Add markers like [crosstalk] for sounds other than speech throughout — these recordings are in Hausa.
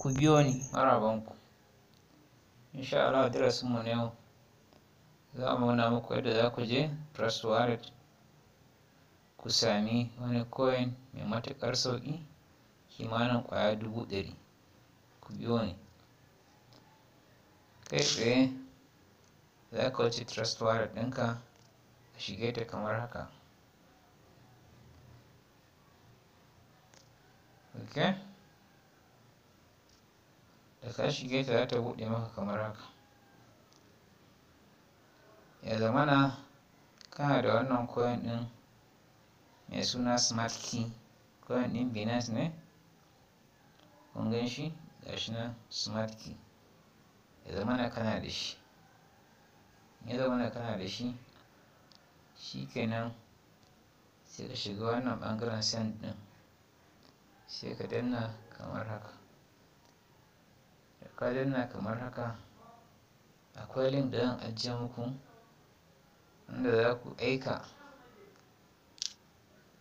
ku biyo ni marabanku insha Allah darasin mu ne za mu nuna muku yadda za ku je trust wallet ku sami wani coin mai matuƙar sauƙi kimanin ƙwaya dubu ɗari ku biyo ni kai tsaye za ka wuce trust wallet ɗinka A shige ta kamar haka okay da ka shige ta za ta buɗe maka kamar haka ya zamana kana da wannan koyon ɗin mai suna smart key koyon ɗin binance ne shi, gan shi na smart key ya zamana kana da shi ya zamana kana da shi nan, sai ka shiga wannan ɓangaren send ɗin sai ka danna kamar haka da na kamar haka akwai link da zan ajiye muku inda za ku aika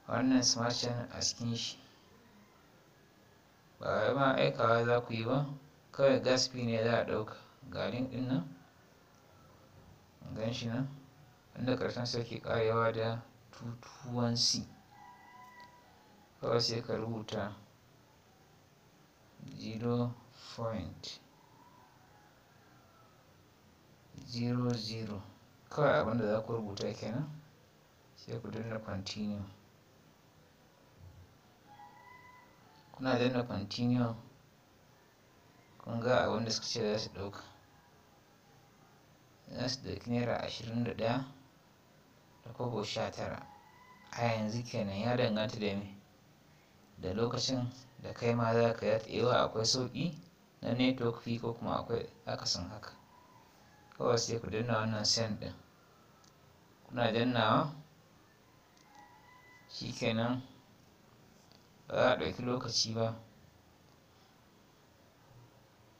wannan smart channel a cikin shi ba wai ma aikawa za ku yi ba kawai gas fee ne za a ɗauka ga link ɗin nan gan shi nan inda ƙarshen sai ke ƙarewa da 221c kawai sai ka rubuta 0 point zero zero kawai abinda za ku rubuta kenan sai ku danna continue kuna danna continue kun ga abinda suka ce za su ɗauka za su ɗauki naira ashirin da ɗaya da kobo sha tara a yanzu kenan ya danganta da me da lokacin da kai ma za ka yi akwai sauƙi na network fee ko kuma akwai akasin haka kawai sai ku danna wannan send ɗin kuna dannawa shikenan ba za a ɗauki lokaci ba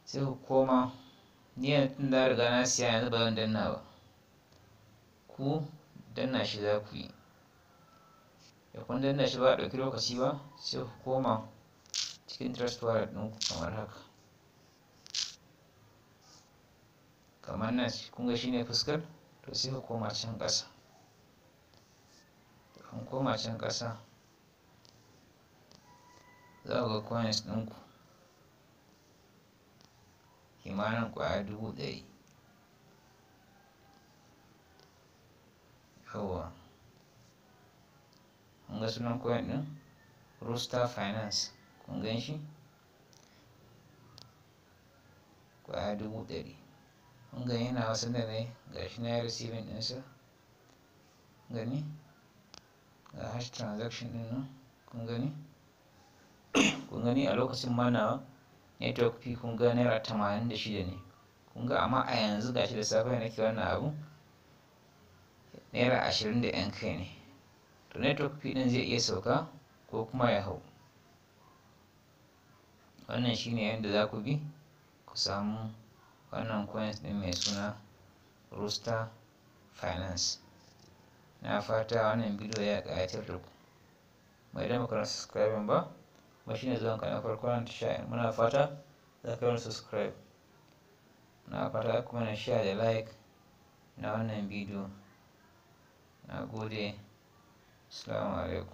sai ku koma ni yanzu tun da riga na siya yanzu ba zan danna ba ku danna shi za ku yi da kun danna shi ba a ɗauki lokaci ba sai ku koma cikin trust wallet ɗinku kamar haka kamar nan kunga shi ne fuskar to sai ka koma can ƙasa an koma can ƙasa za ku ga coins ɗinku kimanin ƙwaya dubu ɗari yawa an ga sunan coin ɗin rooster finance kun gan shi ƙwaya dubu ɗari gani yana wasan da na yi gashi na yi receiving ɗinsa gani ga hash transaction ɗin nan kun gani [coughs] kun gani a lokacin mana network fee kun ga naira tamanin da shida ne kun ga amma a yanzu gashi da safe nake wannan abu naira ashirin da yan kai ne to network fee ɗin zai iya sauka ko kuma ya hau wannan shine yadda za ku bi ku samu wannan coins ɗin mai suna rusta finance na fata wannan bidiyo ya ƙayatar da ku mai da maka subscribing ba kuma shine zuwan ka na farko na ta share muna fata za ka yi subscribe na fata kuma na share da like na wannan bidiyo na gode assalamu alaikum